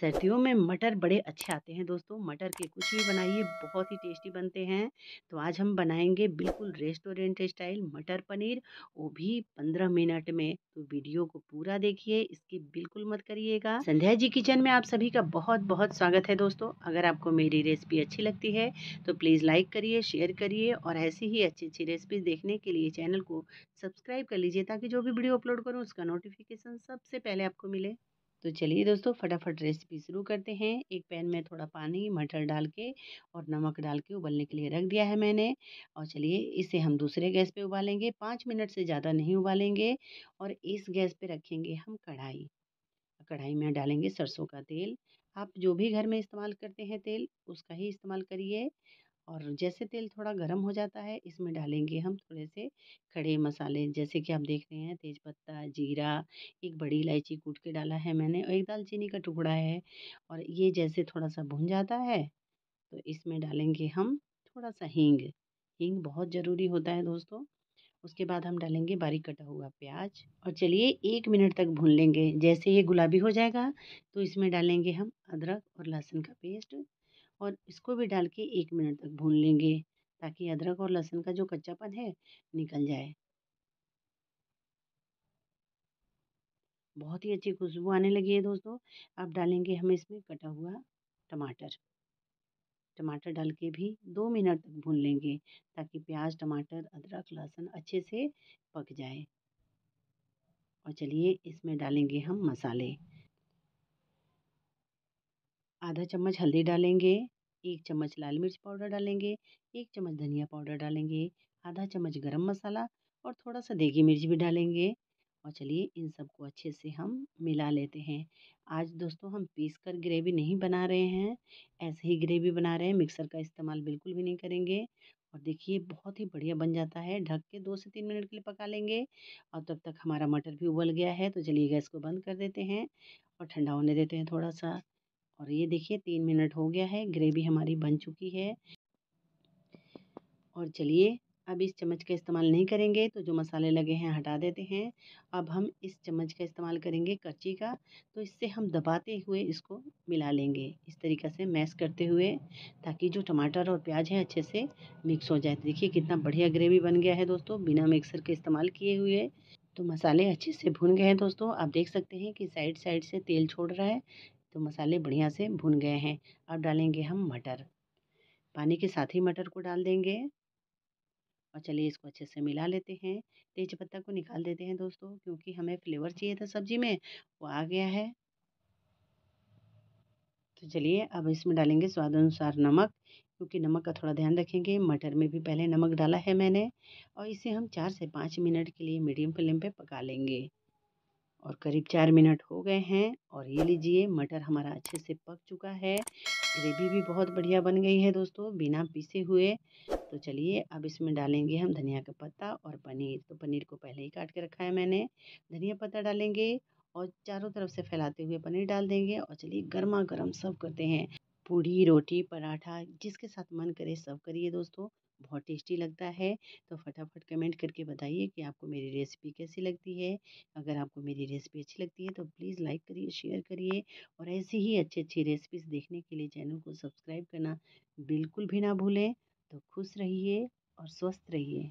सर्दियों में मटर बड़े अच्छे आते हैं दोस्तों मटर के कुछ भी बनाइए बहुत ही टेस्टी बनते हैं तो आज हम बनाएंगे बिल्कुल रेस्टोरेंट स्टाइल मटर पनीर वो भी पंद्रह मिनट में तो वीडियो को पूरा देखिए इसकी बिल्कुल मत करिएगा संध्या जी किचन में आप सभी का बहुत बहुत स्वागत है दोस्तों अगर आपको मेरी रेसिपी अच्छी लगती है तो प्लीज़ लाइक करिए शेयर करिए और ऐसी ही अच्छी अच्छी रेसिपीज देखने के लिए चैनल को सब्सक्राइब कर लीजिए ताकि जो भी वीडियो अपलोड करूँ उसका नोटिफिकेशन सबसे पहले आपको मिले तो चलिए दोस्तों फटाफट रेसिपी शुरू करते हैं एक पैन में थोड़ा पानी मटर डाल के और नमक डाल के उबलने के लिए रख दिया है मैंने और चलिए इसे हम दूसरे गैस पे उबालेंगे पाँच मिनट से ज़्यादा नहीं उबालेंगे और इस गैस पे रखेंगे हम कढ़ाई कढ़ाई में डालेंगे सरसों का तेल आप जो भी घर में इस्तेमाल करते हैं तेल उसका ही इस्तेमाल करिए और जैसे तेल थोड़ा गर्म हो जाता है इसमें डालेंगे हम थोड़े से खड़े मसाले जैसे कि आप देख रहे हैं तेज़पत्ता जीरा एक बड़ी इलायची कूट के डाला है मैंने और एक दालचीनी का टुकड़ा है और ये जैसे थोड़ा सा भुन जाता है तो इसमें डालेंगे हम थोड़ा सा हींग हींग बहुत ज़रूरी होता है दोस्तों उसके बाद हम डालेंगे बारीक कटा हुआ प्याज और चलिए एक मिनट तक भून लेंगे जैसे ये गुलाबी हो जाएगा तो इसमें डालेंगे हम अदरक और लहसुन का पेस्ट और इसको भी डाल के एक मिनट तक भून लेंगे ताकि अदरक और लहसुन का जो कच्चापन है निकल जाए बहुत ही अच्छी खुशबू आने लगी है दोस्तों अब डालेंगे हम इसमें कटा हुआ टमाटर टमाटर डाल के भी दो मिनट तक भून लेंगे ताकि प्याज टमाटर अदरक लहसुन अच्छे से पक जाए और चलिए इसमें डालेंगे हम मसाले आधा चम्मच हल्दी डालेंगे एक चम्मच लाल मिर्च पाउडर डालेंगे एक चम्मच धनिया पाउडर डालेंगे आधा चम्मच गरम मसाला और थोड़ा सा देगी मिर्च भी डालेंगे और चलिए इन सबको अच्छे से हम मिला लेते हैं आज दोस्तों हम पीस कर ग्रेवी नहीं बना रहे हैं ऐसे ही ग्रेवी बना रहे हैं मिक्सर का इस्तेमाल बिल्कुल भी नहीं करेंगे और देखिए बहुत ही बढ़िया बन जाता है ढक के दो से तीन मिनट के लिए पका लेंगे और तब तक हमारा मटर भी उबल गया है तो चलिए गैस को बंद कर देते हैं और ठंडा होने देते हैं थोड़ा सा और ये देखिए तीन मिनट हो गया है ग्रेवी हमारी बन चुकी है और चलिए अब इस चम्मच का इस्तेमाल नहीं करेंगे तो जो मसाले लगे हैं हटा देते हैं अब हम इस चम्मच का इस्तेमाल करेंगे कच्ची का तो इससे हम दबाते हुए इसको मिला लेंगे इस तरीक़े से मैश करते हुए ताकि जो टमाटर और प्याज है अच्छे से मिक्स हो जाए देखिए कितना बढ़िया ग्रेवी बन गया है दोस्तों बिना मिक्सर के इस्तेमाल किए हुए तो मसाले अच्छे से भून गए हैं दोस्तों आप देख सकते हैं कि साइड साइड से तेल छोड़ रहा है तो मसाले बढ़िया से भुन गए हैं अब डालेंगे हम मटर पानी के साथ ही मटर को डाल देंगे और चलिए इसको अच्छे से मिला लेते हैं तेज पत्ता को निकाल देते हैं दोस्तों क्योंकि हमें फ्लेवर चाहिए था सब्जी में वो आ गया है तो चलिए अब इसमें डालेंगे स्वाद अनुसार नमक क्योंकि नमक का थोड़ा ध्यान रखेंगे मटर में भी पहले नमक डाला है मैंने और इसे हम चार से पाँच मिनट के लिए मीडियम फ्लेम पे पका लेंगे और करीब चार मिनट हो गए हैं और ये लीजिए मटर हमारा अच्छे से पक चुका है ग्रेवी भी बहुत बढ़िया बन गई है दोस्तों बिना पीसे हुए तो चलिए अब इसमें डालेंगे हम धनिया का पत्ता और पनीर तो पनीर को पहले ही काट के रखा है मैंने धनिया पत्ता डालेंगे और चारों तरफ से फैलाते हुए पनीर डाल देंगे और चलिए गर्मा गर्म सर्व करते हैं पूड़ी रोटी पराठा जिसके साथ मन करे सब करिए दोस्तों बहुत टेस्टी लगता है तो फटाफट कमेंट करके बताइए कि आपको मेरी रेसिपी कैसी लगती है अगर आपको मेरी रेसिपी अच्छी लगती है तो प्लीज़ लाइक करिए शेयर करिए और ऐसी ही अच्छी अच्छी रेसिपीज़ देखने के लिए चैनल को सब्सक्राइब करना बिल्कुल भी ना भूलें तो खुश रहिए और स्वस्थ रहिए